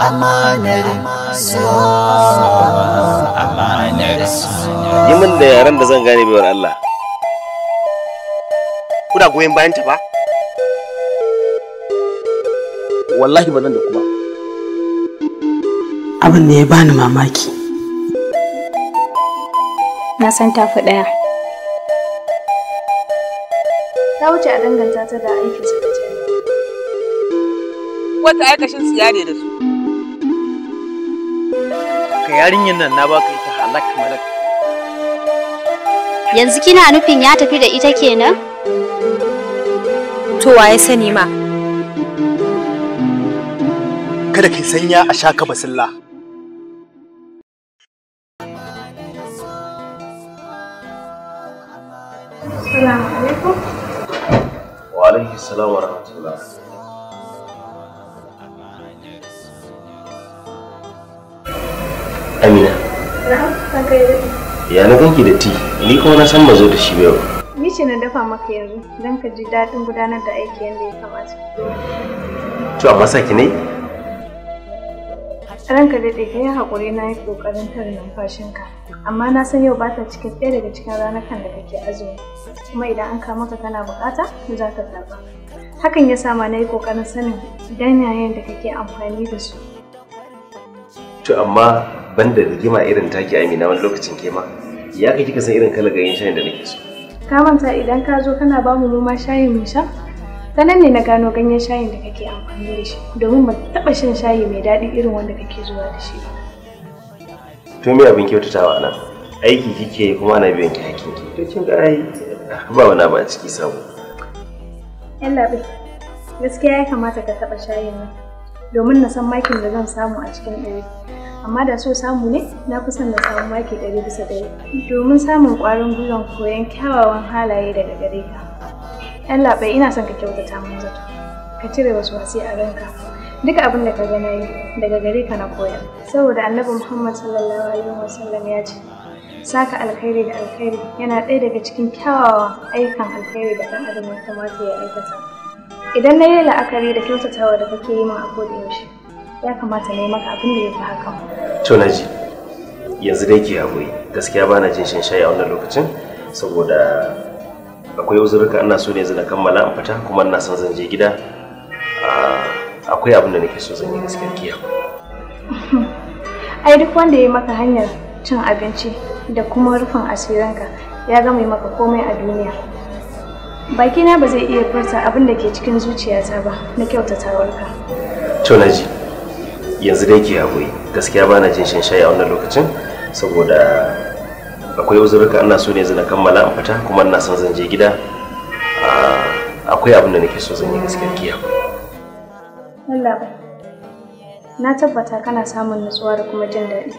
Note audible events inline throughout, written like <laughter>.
amanar amanar yi min da yaren da zan gane baiwar Allah kuna goyon bayan ta ba wallahi ba nan da kuma abin da ya bani mamaki na san tafi ɗaya ta wuce a danganta ta da aikin sakacin wata aikashin siya ne da su ka yarinyar nan na baka ita halak malak yanzu kina nufin ya tafi da ita kenan to waye sani ma kada kai sanya a shaka basilla Assalamu alaikum. Wa alaihi salam wa rahmatullah. amina ya na ganki da ti ni kuma na san mazo da shi yau ni ce na dafa maka yanzu don ka ji daɗin gudanar da aiki yadda ya kamata to amma sa ki ne ranka daɗe ka yi haƙuri na yi ƙoƙarin tare numfashinka amma na san yau ba ta cikin ɗaya daga cikin ranakan da kake azumi kuma idan an kama ka kana buƙata za ka zaɓa hakan ya sa ma na yi ƙoƙarin sanin dan yayin da kake amfani da su to amma banda rigima irin taki amina wani lokacin kema ya kai kika san irin kalagayin shayin da nake so ka manta idan ka zo kana ba mu noma shayin mu sha ta nan ne na gano ganyen shayin da kake amfani da shi domin ba taɓa shan shayi mai daɗi irin wanda kake zuwa da shi ba to me abin kyautatawa nan aiki kike kuma ana biyan ki hakkin ki to kin ga ai ba wani ba a ciki sabo yalla bai gaskiya ya kamata ka taɓa shayin nan domin na san makin da zan samu a cikin dare. amma da so samu ne na kusan da samu maki ɗari bisa ɗari domin samun ƙwarin gwiwan koyon kyawawan halaye daga gare ka yan ina son ka kyautata mun zato ka cire wasu wasi a ranka duk abin da ka ga na yi daga gare ka na koya saboda annabi muhammad sallallahu alaihi wasallam ya ce saka alkhairi da alkhairi yana ɗaya daga cikin kyawawan aikan alkhairi da ɗan adam ya kamata ya aikata idan na yi la'akari da kyautatawa da kake yi min a koda ya kamata na yi maka abin da ya fi hakan. To na ji, yanzu dai ki haƙuri, gaskiya ba na jin shan shayi a wannan lokacin saboda akwai uzurka ina so ne yanzu na kammala in fita kuma ina son zan je gida. Ah, akwai abin da nake so zan yi gaskiya ki <laughs> Ai duk wanda ya yi maka hanyar cin abinci da kuma rufin asiranka ya gama yi maka komai a duniya. Bakina ba zai iya furta abin da ke cikin zuciyata ba na kyautatawarka. To na ji. yanzu dai ki haƙuri gaskiya ba na jin shan shayi a wannan lokacin saboda akwai uzurka ina so ne na kammala in fita kuma ina son zan je gida ah, akwai abin da nake so zan yi gaskiya ke haƙuri Allah na tabbata kana samun nutsuwa da kuma jin daɗi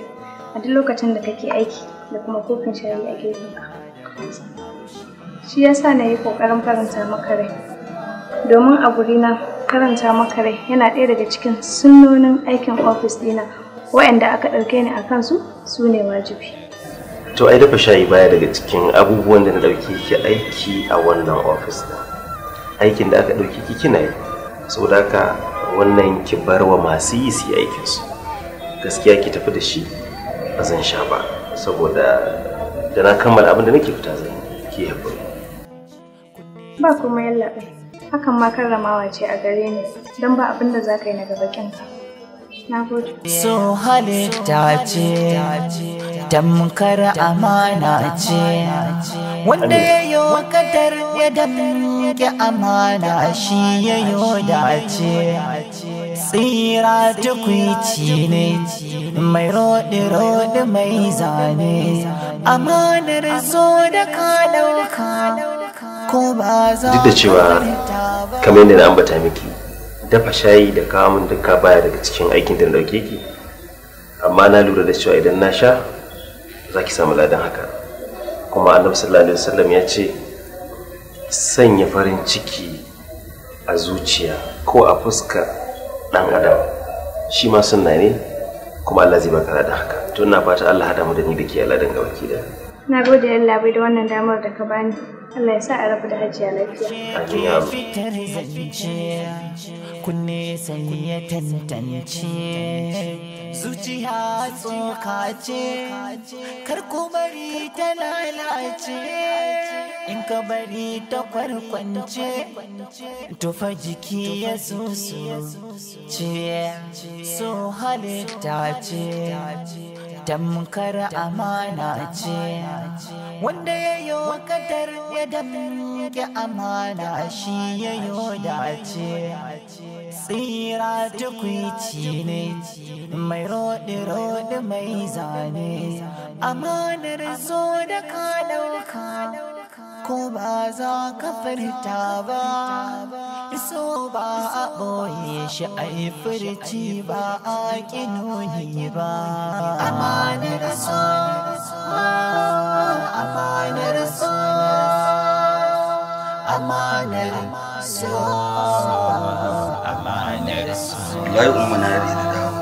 a duk lokacin da kake aiki da kuma kofin shayi a gefenka shi yasa na yi ƙoƙarin faranta maka rai domin a gurina karanta maka rai yana ɗaya daga cikin sunonin aikin ofis ɗina waɗanda aka ɗauke ni a kansu su ne wajibi. To ai dafa shayi baya daga cikin abubuwan da na ɗauke ki aiki a wannan ofis ɗin. Aikin da aka ɗauke ki kina yi, saboda haka wannan ki bar wa masu yi su aikin su. Gaskiya ki tafi da shi ba zan sha ba saboda da na kammala abin da nake fita zan ki haƙuri. Ba kuma yallaɓai. hakan ma karramawa ce a gare ni don ba abin da za ka yi na gaba kyanka na gode so halitta ce tamkar amana ce wanda ya yi kadar ya damke amana shi ya yi ce. tsira tukwici ne mai roɗe-roɗe mai zane amanar zo da ka ɗauka duk da cewa kamar yadda na ambata miki dafa shayi da kawo min duka baya daga cikin aikin da dauke ki amma na lura da cewa idan na sha za ki samu ladan haka kuma annabi sallallahu alaihi wasallam ya ce sanya farin ciki a zuciya ko a fuska dan adam shi ma sunna ne kuma Allah zai baka ladan haka to na fata Allah hada mu da ni da ke ladan gabaki da Na gode Allah bai da wannan damar da ka bani. Allah ya sa a rabu da hajiya lafiya. Fitar zance, kunne sai ya tantance. Zuciya tsoka ce, kar ku bari ta lalace. In ka bari ta kwarkwance, tufa jiki ya zuzu ce, so halitta ce. tamkar amana ce wanda ya yi wa kadar ya damke amana shi ya yi dace tsira tukwici ne mai roɗi-roɗi mai zane amanar zo da ka ɗauka ko ba za ka furta ba so ba a ɓoye shi a yi furci ba a ƙi ba amanar so amanar so amanar so amanar so ya yi umarna ya daɗe da dawo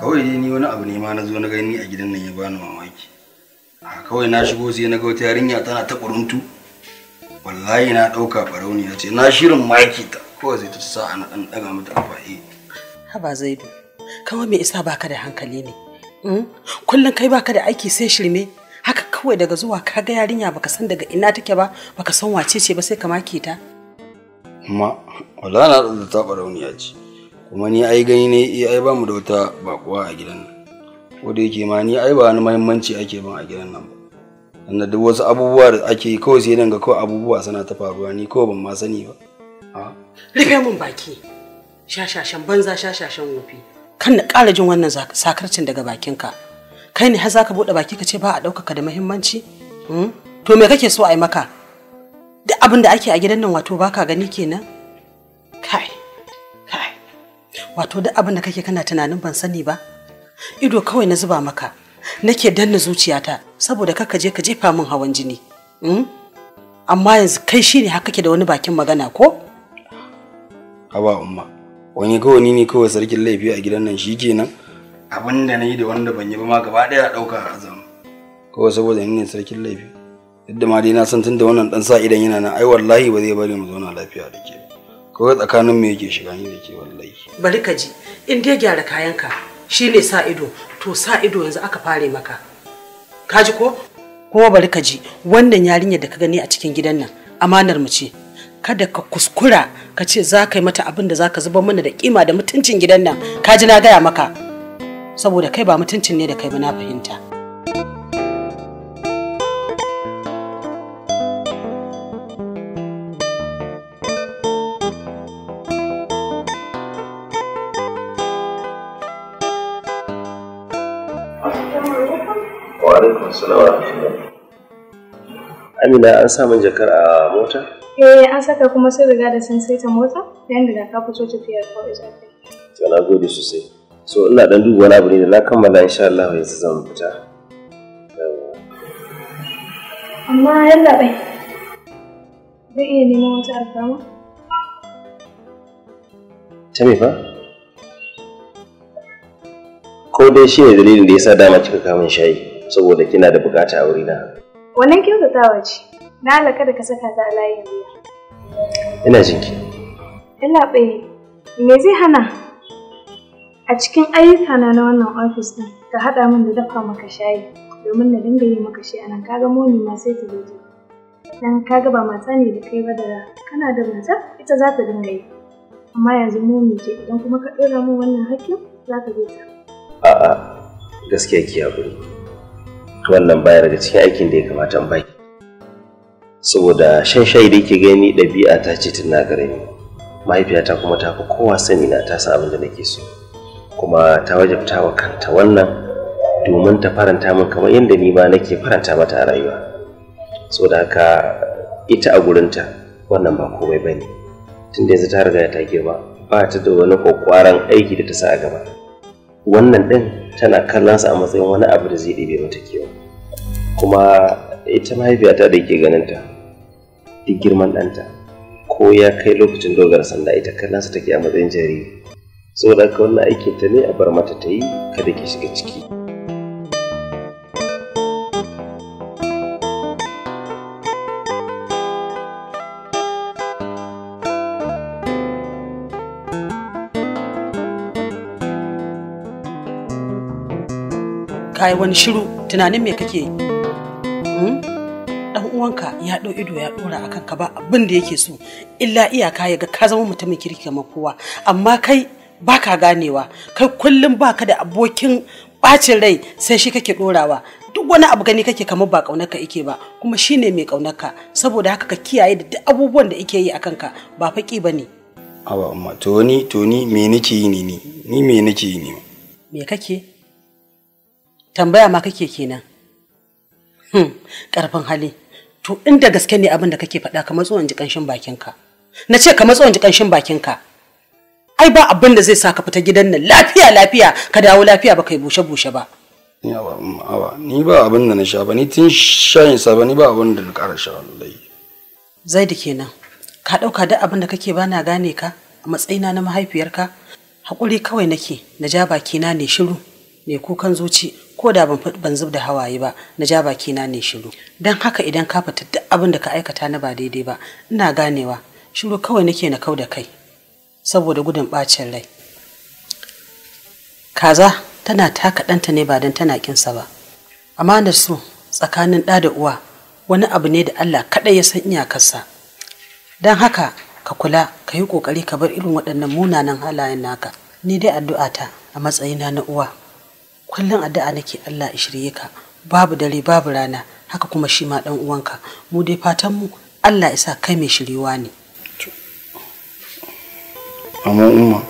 kawai dai ni wani abu ne ma na zo na gani a gidan nan ya bani mamaki kawai na shigo sai na ga wata yarinya tana ta ƙuruntu wallahi na ɗauka barauniya ce na shirin maki ta kawai zai ta sa an ɗan ɗaga mata afa'i. Eh. Haba Zaidu, kawai me isa baka da hankali ne? Hmm? Kullum kai baka da aiki sai shirme, haka kawai daga zuwa ka ga yarinya baka san daga ina take ba, baka san wace ce ba sai ka maki ta. Ma, wala na da ta ya ce. Kuma ni ai gani ne eh ai ba mu da wata bakuwa a gidan nan. Ko da yake ma ni ai ba wani muhimmanci ake ban a gidan nan ba. na duk wasu abubuwa da ake yi kawai sai nan ga kawai abubuwa suna ta faruwa ni kawai ban ma sani ba rufe min baki shashashan banza shashashan wofi kan na ƙara jin wannan sakarcin daga bakinka kai ne har zaka buɗe baki ka ce ba a ɗaukaka da muhimmanci hmm? to me kake so a yi maka duk abin da ake a gidan nan wato baka gani kenan kai kai wato duk abin da kake kana tunanin ban sani ba ido kawai na zuba maka nake danna zuciyata saboda kaka je ka jefa min hawan jini hmm? amma yanzu kai shi ne haka ke da wani bakin magana ko haba umma wani ga wani ne kawai sarkin laifi a gidan nan shi kenan abin da na yi da wanda ban yi ba ma gaba ɗaya a ɗauka a zama kawai saboda ni ne sarkin laifi duk da ma dai na san tunda wannan dan sa idan yana nan ai wallahi ba zai bari mu zauna lafiya da ke kawai tsakanin me yake shiga ni da ke wallahi bari ka ji in dai gyara kayanka Shi ne sa ido to sa ido yanzu aka fare maka kaji ji ko kuma bari ka ji wannan yarinyar da ka gani a cikin gidan nan amanar mu ce kada ka kuskura ka ce za ka yi mata abin da za ka zuba mana da kima da mutuncin gidan nan ka ji na gaya maka saboda kai ba mutuncin ne da kai ba na fahimta Amina an sa min jakar a mota? Eh an saka kuma sai riga da sun saita mota dan da ka fito tafiyar ko za ka To na gode sosai. So ina dan duba wani abu ne da na kammala insha Allah yanzu zan fita. Amma yalla bai. Zai iya neman wata alfama? Ta me fa? Ko dai shi ne dalilin da ya sa dama kika kamun shayi saboda kina da bukata a wurina. Wannan kyautatawa ce, na alaka da ka saka ta a layin wuya. Ina jinki. Ina ɓaye, me zai hana a cikin ayyuka na na wannan ofis ɗin ka haɗa min da dafa maka shayi domin na dinga yi maka shi a nan kaga moni ma sai ta zo Dan kaga ba mata ne da kai ba da kana da mata ita za ta dinga yi. amma yanzu moni ce, idan kuma ka ɗora min wannan hakkin za ka je ta. A'a gaskiya ki haƙuri. to wannan baya daga cikin aikin da ya kamata in saboda shan shayi da yake gani ɗabi'a ta ce tun na garami mahaifiyata kuma ta fi kowa sani na ta san abin da nake so kuma ta wajabta wa kanta wannan domin ta faranta min kamar yadda ni ma nake faranta mata a rayuwa saboda haka ita a gurinta wannan ba komai ba bane tunda yanzu ta riga ta girma ba ta da wani kwakwaran aiki da ta sa a gaba wannan ɗin tana kallonsa a matsayin wani abu da zai ɗebe mata kewa kuma ita mahaifiyata da ke ganinta duk girman ɗanta ko ya kai lokacin dogara sanda ita kallonsa take a matsayin jariri saboda haka wannan aikinta ne a bar mata ta yi kada ki shiga ciki. ka yi wani shiru tunanin me kake hmm? dan uwanka ya ɗau ido ya ɗora akan ka ba abin da yake so illa iyaka ya ga ka zama mutumin kirki kowa amma kai baka ganewa kai kullum baka da abokin ɓacin rai sai shi kake ɗorawa duk wani abu gani kake kamar ba kaunarka yake ba kuma shine mai ka saboda haka ka kiyaye da duk abubuwan da yake yi akan ka ba faƙi ba ne. Awa amma to ni to ni me nake yi ne ni ni me nake yi ne. Me kake? tambaya ma kake kenan hmm karfin hali to inda gaske ne abin da kake faɗa ka matso ji kanshin bakinka na ce ka matso ji kanshin bakinka ai ba abin da zai sa ka fita gidan nan lafiya lafiya ka dawo lafiya ba kai bushe bushe ba yawa awa ni ba abin da na sha ba ni tun shayin sa ba ni ba abin da na ƙara sha wallahi da kenan ka ɗauka duk abin da kake ba na gane ka a matsayina na mahaifiyarka haƙuri kawai nake na ja bakina ne shiru ne kukan zuci ko da ban ban zub da hawaye ba na ja baki na ne shiru dan haka idan ka fita duk abin da ka aikata na ba daidai ba ina ganewa shiru kawai nake na kau da kai saboda gudun bacin rai kaza tana taka ɗanta ne ba dan tana kinsa ba amma da su tsakanin ɗa da uwa wani abu ne da Allah kaɗai ya san iyakarsa dan haka ka kula ka yi ƙoƙari ka bar irin waɗannan munanan halayen naka ni dai addu'ata a matsayina na uwa kullum addu'a nake Allah ya shirye ka babu dare babu rana haka kuma shi ma dan uwanka mu dai fatan mu Allah ya sa kai mai shirewa ne amma umma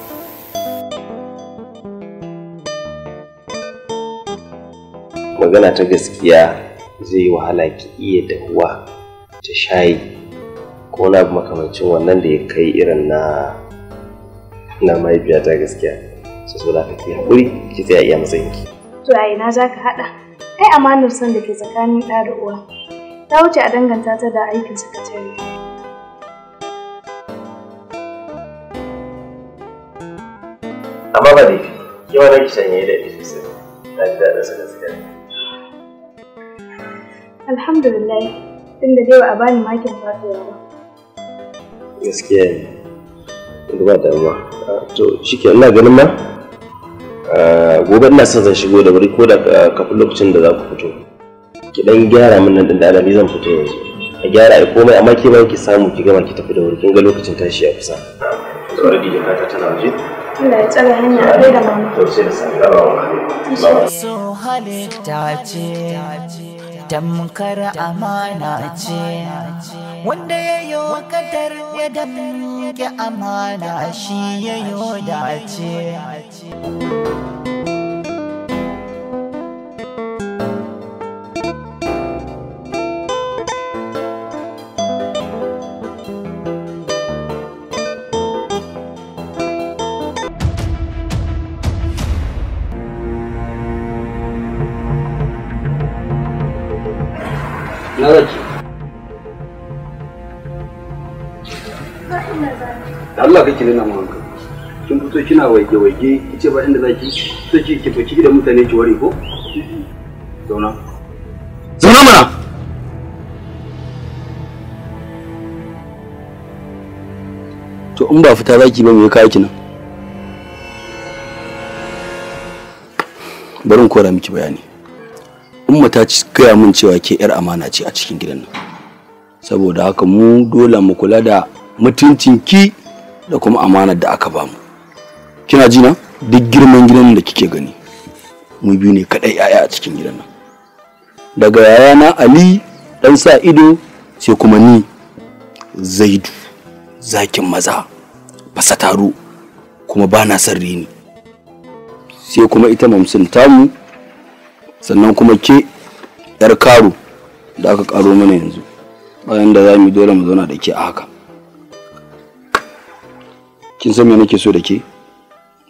magana ta gaskiya zai yi wahala ki iya dahuwa ta shayi ko na makamancin wannan da ya kai irin na na mahaifiya ta gaskiya su so da kake hakuri ki tsaya iya matsayin ki to a ina za ka haɗa kai amanar son da ke tsakanin ɗa da uwa ta wuce a danganta ta da aikin sakatare amma ba laifi yawa na kishan yayi daɗi sosai na ji daɗin sa gaskiya alhamdulillah tunda dai ba a bani makin fatuwa ba gaskiya ne ba damuwa ah, to shi ke ina ganin ma Eh, gobe ina son zan shigo da wuri ko da eh, kafin lokacin da za ku fito ki dan gyara min nan din da alabi zan fito yanzu a gyara ai komai amma ke ba ki samu ki gama ki tafi da wuri kin ga lokacin tashi ya kusa zuwa da dijin kata tana waje Allah ya tsare hanya a da mama da sami tamkar amana ce wanda ya yi wakadar ya damke amana shi ya yi dace. na zaki Allah kake nuna mu hankali kin fito kina waje-waje kice ba inda zaki so ki ki toki da mutane ki ware ko zauna zauna mana to in ba fita zaki ba me kawo ki nan bari in kora miki bayani umma ta gaya min cewa ke yar amana ce a cikin gidan nan saboda haka mu dole mu kula da mutuncin ki da kuma amanar da aka bamu kina ji na duk girman gidan da kike gani mu biyu ne kadai yaya a cikin gidan nan daga yaya na ali dan sa ido sai kuma ni zaidu zakin maza fasa taro kuma ba na son rini sai kuma ita mamsin tamu sannan kuma ke yar karo da aka karo mana yanzu bayan da za mu dole mu zauna da ke a haka kin san me nake so da ke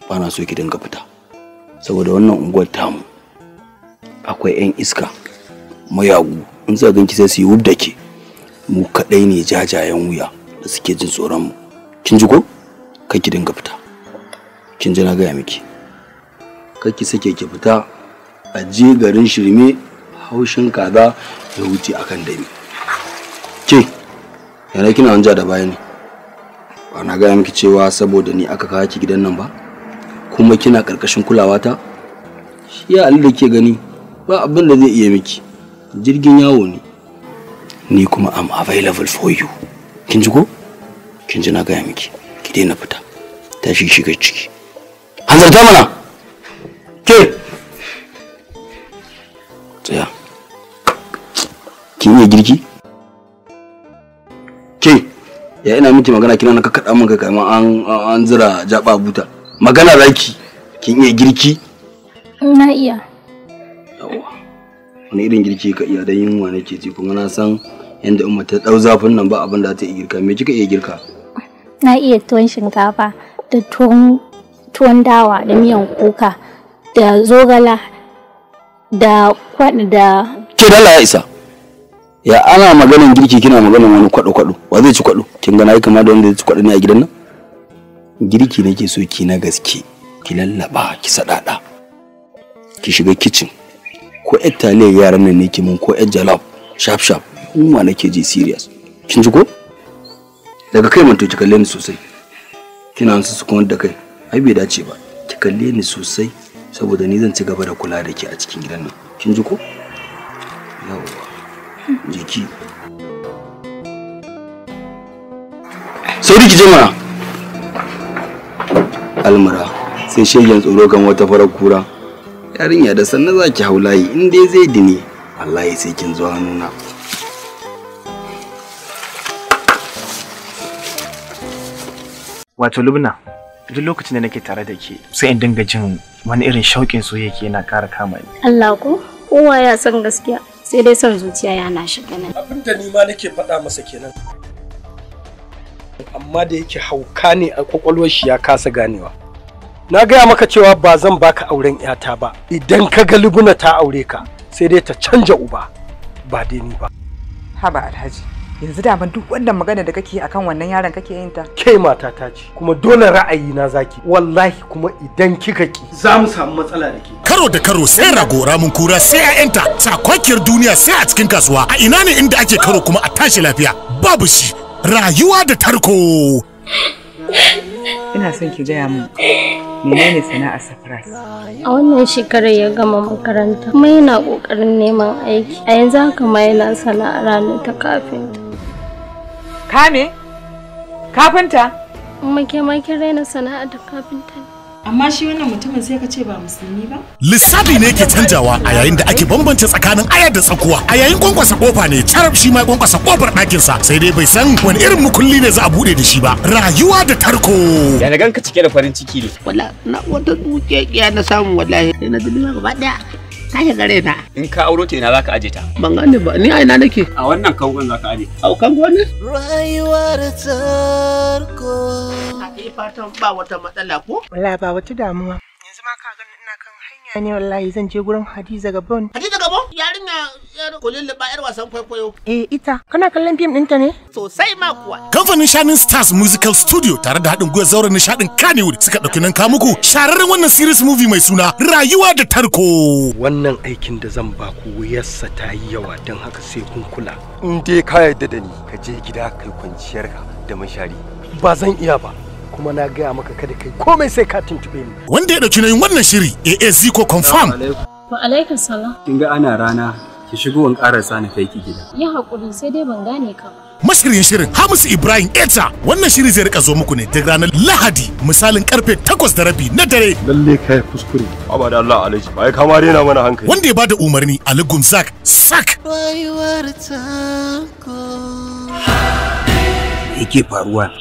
ba na so ki dinga fita saboda wannan unguwar tamu akwai 'yan iska mayagu in za ganki sai su yi wub da ke mu kaɗai ne jajayen wuya da suke jin tsoron mu kin ji ko kai ki dinga fita kin ji na gaya miki kai ki sake ki fita a je garin shirme haushin kaza ya wuce akan dami ke yana kina wanja da baya ne ba na gaya miki cewa saboda ni aka kawo ki gidan nan ba kuma kina karkashin kulawa ta shi ya da ke gani ba abin da zai iya miki jirgin yawo ne ni kuma am available for you kin ji ko kin ji na gaya miki ki daina fita tashi shiga ciki hanzarta mana ke iya girki ke ya ina miki magana kina na kakkaɗa min kai kamar an an zira jaba buta magana raki kin iya girki eh, na iya wani irin girki ka iya dan yunwa nake ji kuma na san yanda umma ta dau zafin nan ba abin da ta iya girka me kika iya girka na iya tuwon shinkafa da tuwon tuwon dawa da miyan kuka da zogala da kwaɗa da ke dala ya isa ya ana maganan girki kina maganan wani kwado kwado wa zai ci kwado kin ga nayi kama da wanda zai ci kwado ne a gidan nan girki nake so ki na gaske ki lallaba ki sadada ki shiga kitchen ko yar taliyar yaran nan ne ki mun ko yar jalab sharp sharp ma nake ji serious kin ji ko daga kai manto ki kalle ni sosai kina su su kuma da kai ai bai dace ba ki kalle ni sosai saboda ni zan ci gaba da kula da ki a cikin gidan nan kin ji ko yawa jiki sauri ki je mana almara sai shegen tsoro kan wata farar kura yarinya da sanna za ki haulayi in dai zai dine wallahi sai kin zo hannuna wato lubna duk lokacin da nake tare da ke sai in dinga jin wani irin shauƙin soyayya yana ƙara kama ni Allah ko kowa ya san gaskiya sai dai son zuciya ya na shi ganin abin da nima nake faɗa masa kenan amma da yake hauka ne a kwakwalwar shi ya kasa ganewa na gaya maka cewa ba zan baka auren yata ba idan ka ga libuna ta aure ka sai dai ta canja uba ba dai ni ba haba alhaji yanzu da duk wannan magana da kake akan wannan yaron kake yin ta ke mata ta ce kuma dole ra'ayi na zaki wallahi kuma idan kika ki za mu samu matsala da ke karo da karo sai rago ramin kura sai a yanta sakwakiyar duniya sai a cikin kasuwa a ina ne inda ake karo kuma a tashi lafiya babu shi rayuwa da tarko ina son ki gaya min menene sana'ar safras a wannan shekarar ya gama makaranta kuma yana kokarin neman aiki a yanzu haka ma yana sana'ar ranar ta kafinta Ka Kafinta? Make makin raina da kafinta ne. amma shi wannan mutumin sai ka ce ba musulmi ba lissafi ne ke canjawa a yayin da ake bambance tsakanin aya da tsakuwa a yayin kwankwasa kofa ne carab shi ma kwankwasa kofar ɗakin sa sai dai bai san wani irin mukulli ne za a bude da shi ba rayuwa da tarko ya na ganka cike da farin ciki ne wala na wata dukiya na samu wallahi na duniya gaba daya sake gare ta. In ka auro ta ina zaka aje ta. Ban gane ba, ni a ina nake. A wannan kangon zaka ka aje. A kangon ne? Rayuwar tarko. A yi fatan ba wata matsala ko? Wala ba wata damuwa. Yanzu ma ka gani ya ne wallahi zan je gurin Hadiza Gabon. Hadiza Gabon? Yarinya yar ba yar wasan kwaikwayo. Eh ita, kana kallon fim ɗinta ne? Sosai ma kuwa. Kamfanin Shining Stars Musical Studio tare da haɗin gwiwar zauren nishaɗin Kannywood suka ɗauki nan muku shararren wannan series movie mai suna Rayuwa da Tarko. Wannan aikin da zan ba ku wuyarsa ta yi yawa don haka sai kun kula. In dai ka yarda da ni ka je gida kai kwanciyarka da mashari. Ba zan iya ba. kuma na gaya maka kada kai komai sai ka tuntube ni wanda ya dauki nayin wannan shiri AAC ko confirm wa alaikum salam kin ga ana rana ki shigo in karasa sani kai ki gida ya hakuri sai dai ban gane ka Mashirin shirin Hamisu Ibrahim Eta wannan shiri zai rika zo muku ne duk ranar Lahadi misalin karfe 8 da rabi na dare. Lalle kai kuskure. Abada Allah alaihi bai kama rena mana hankali. Wanda ya bada umarni Ali Gumzak Sak. Rayuwar ta ko. Yake faruwa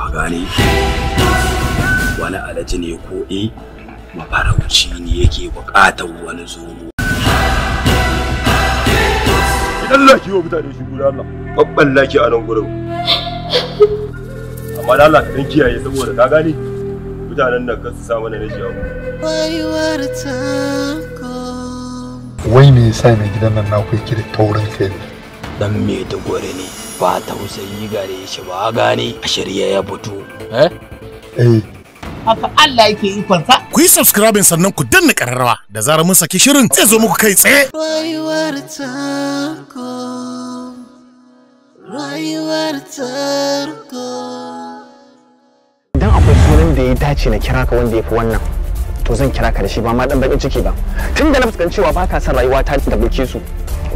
ka gane wani alaji ne ko eh mafarauci ne yake bukatar wani zomo idan laki wa mutane shi guda Allah babban laki a nan gurin amma da Allah ka dan kiyaye saboda ka gane mutanen nan kan su sa mana rashi abu wai me yasa mai gidan nan na yake da taurin kai dan me da gore ne ba tausayi gare shi ba gane a shirye ya fito eh eh haka Allah yake ikonsa. Ku yi subscribing sannan ku danna ƙararrawa da zarar mun saki shirin zai zo muku kai tsaye. Rayuwar tarko, rayuwar tarko. Idan akwai sunan da ya dace na kira ka wanda ya fi wannan, to zan kira ka da shi ba ma dan bakin ciki ba. Tun da na fuskanci cewa baka son rayuwa ta da buke su,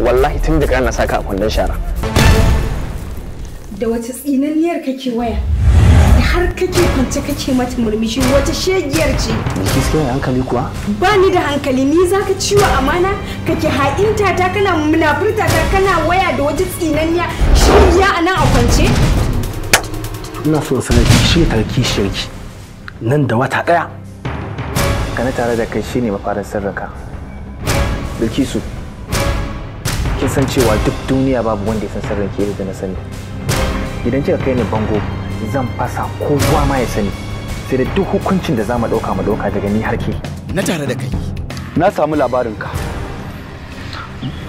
wallahi tun daga na saka a kwandon shara. da wata tsinanniyar kake waya da har kake kwance kake mata murmushi wata shegiyar ce gaskiya hankali kuwa ba ni da hankali ni zaka ciwo amana kake ha'inta ta kana munafurta ta kana waya da wata tsinanniya shegiya a nan a kwance ina so sanar ki shi tarki shirki nan da wata daya kana tare da kai shine mafarin sirrinka bilkisu kin san cewa duk duniya babu wanda ya san sirrinki ke da na sani idan kika kai ni bango zan fasa kowa ma ya sani sai da duk hukuncin da za mu ɗauka mu ɗauka daga ni harke ke. Na tare da kai. Na samu labarinka.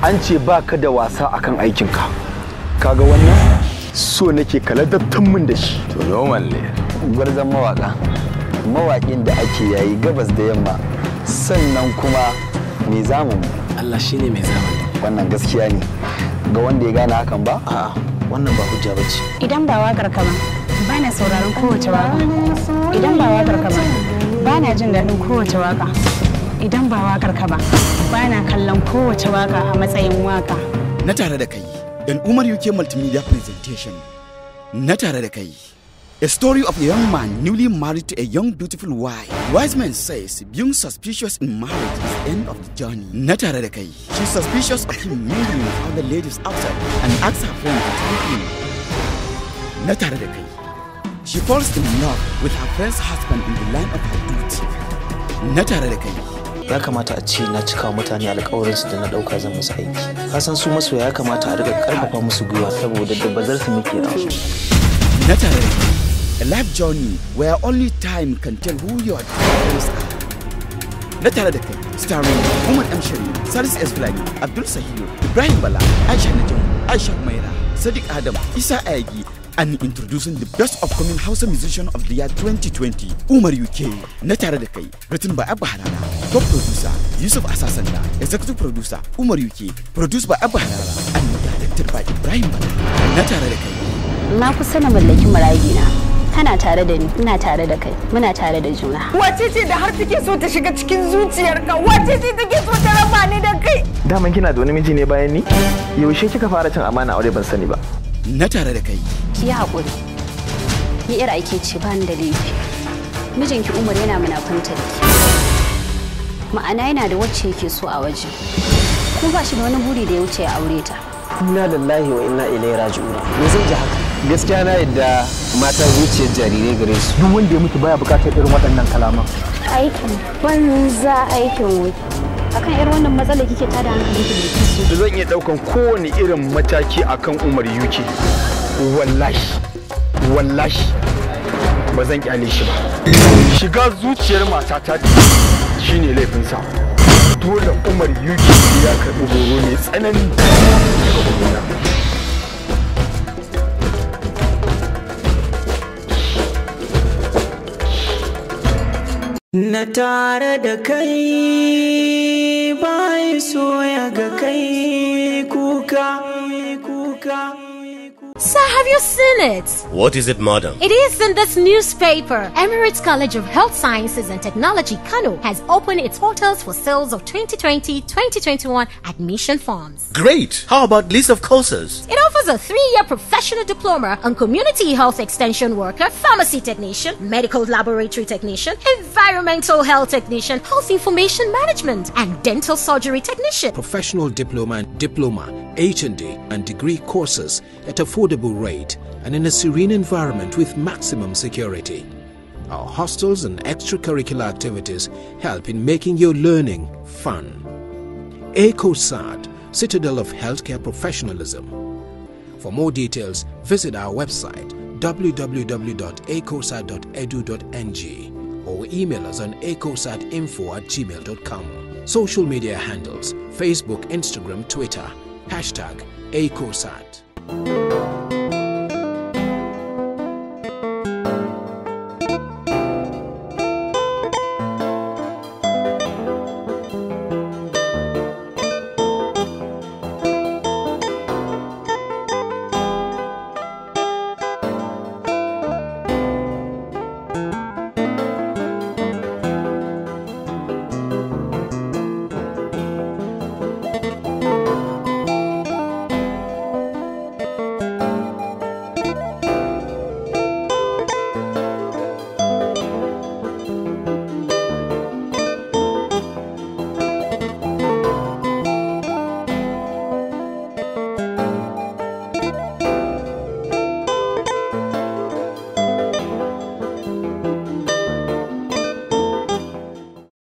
An ce ba ka da wasa akan aikinka. Kaga wannan so nake kala dattan min da shi. To noman ne. gwarzan mawaƙa. Mawaƙin da ake yayi gabas da yamma. Sannan kuma mai zamu. Allah shine mai zamu. Wannan gaskiya ne. Ga wanda ya gane hakan ba? A'a. wannan ba hujja ba ce idan ba wakar ka ba ba na sauraron kowace waka idan ba wakar ka ba ba na jin daɗin kowace waka idan ba wakar ka ba ba na kallon kowace waka a matsayin waka na tare da kai dan umar uk multimedia presentation na tare da kai A story of a young man newly married to a young beautiful wife. Wise man says being suspicious in marriage is the end of the journey. Na tare da kai. She's suspicious of him mingling with other ladies outside and asks her friend to take him. Na tare da kai. She falls in love with her friend's husband in the line of her duty. Na tare da kai. ya kamata a ce na cika mutane su da na dauka zan musu aiki ka san su masoya ya kamata a riga karfafa musu gwiwa saboda da bazar su muke na na tare da A life journey where only time can tell who your dreams are. Na tare da kai, starring Umar M. shari Salis S. Fulani, Abdul Sahiyo, Ibrahim Bala, Aisha Najam, Aisha kumaira Sadiq Adam, Isa Ayagi, and introducing the best upcoming Hausa musician of the year 2020, Umar UK, na tare da kai, written by Abba Harara, top producer Yusuf Asasanda, executive producer Umar UK, produced by Abba Harara, and directed by Ibrahim Bala, na tare da kai. Na kusa na mallaki marayina. kana tare da ni ina tare da kai muna tare da juna wace ce da har take so ta shiga cikin zuciyarka wace ce take so ta raba ni da kai daman kina da wani miji ne bayan ni yaushe kika fara cin amana aure ban sani ba na tare da kai ki hakuri ni ira ake ce ban da laifi mijinki umar yana munafunta da ki ma'ana yana da wacce yake so a waje ko ba shi da wani buri da ya wuce ya aure ta inna lillahi wa inna ilaihi raji'un me zai ji haka gaskiya na yadda mata zuciyar jarirai gare su duk wanda ya mutu baya bukatar irin waɗannan kalaman aikin banza aikin wuce akan irin wannan matsalar kike tada hankali ki da zan iya daukan kowane irin mataki akan Umar UK wallahi wallahi ba zan kyale shi ba shiga zuciyar matata shine laifinsa dole Umar UK ya karbi horo ne tsanani daga na tare da kai bai so ya ga kai Sir, have you seen it? What is it, madam? It is in this newspaper. Emirates College of Health Sciences and Technology, Kano, has opened its portals for sales of 2020-2021 admission forms. Great! How about list of courses? It offers a three-year professional diploma on community health extension worker, pharmacy technician, medical laboratory technician, environmental health technician, health information management, and dental surgery technician. Professional diploma and diploma, H&D, and degree courses at affordable affordable rate and in a serene environment with maximum security. Our hostels and extracurricular activities help in making your learning fun. ACOSAT, Citadel of Healthcare Professionalism. For more details, visit our website www.acosat.edu.ng or email us on acosatinfo at gmail.com. Social media handles Facebook, Instagram, Twitter, hashtag ACOSAT.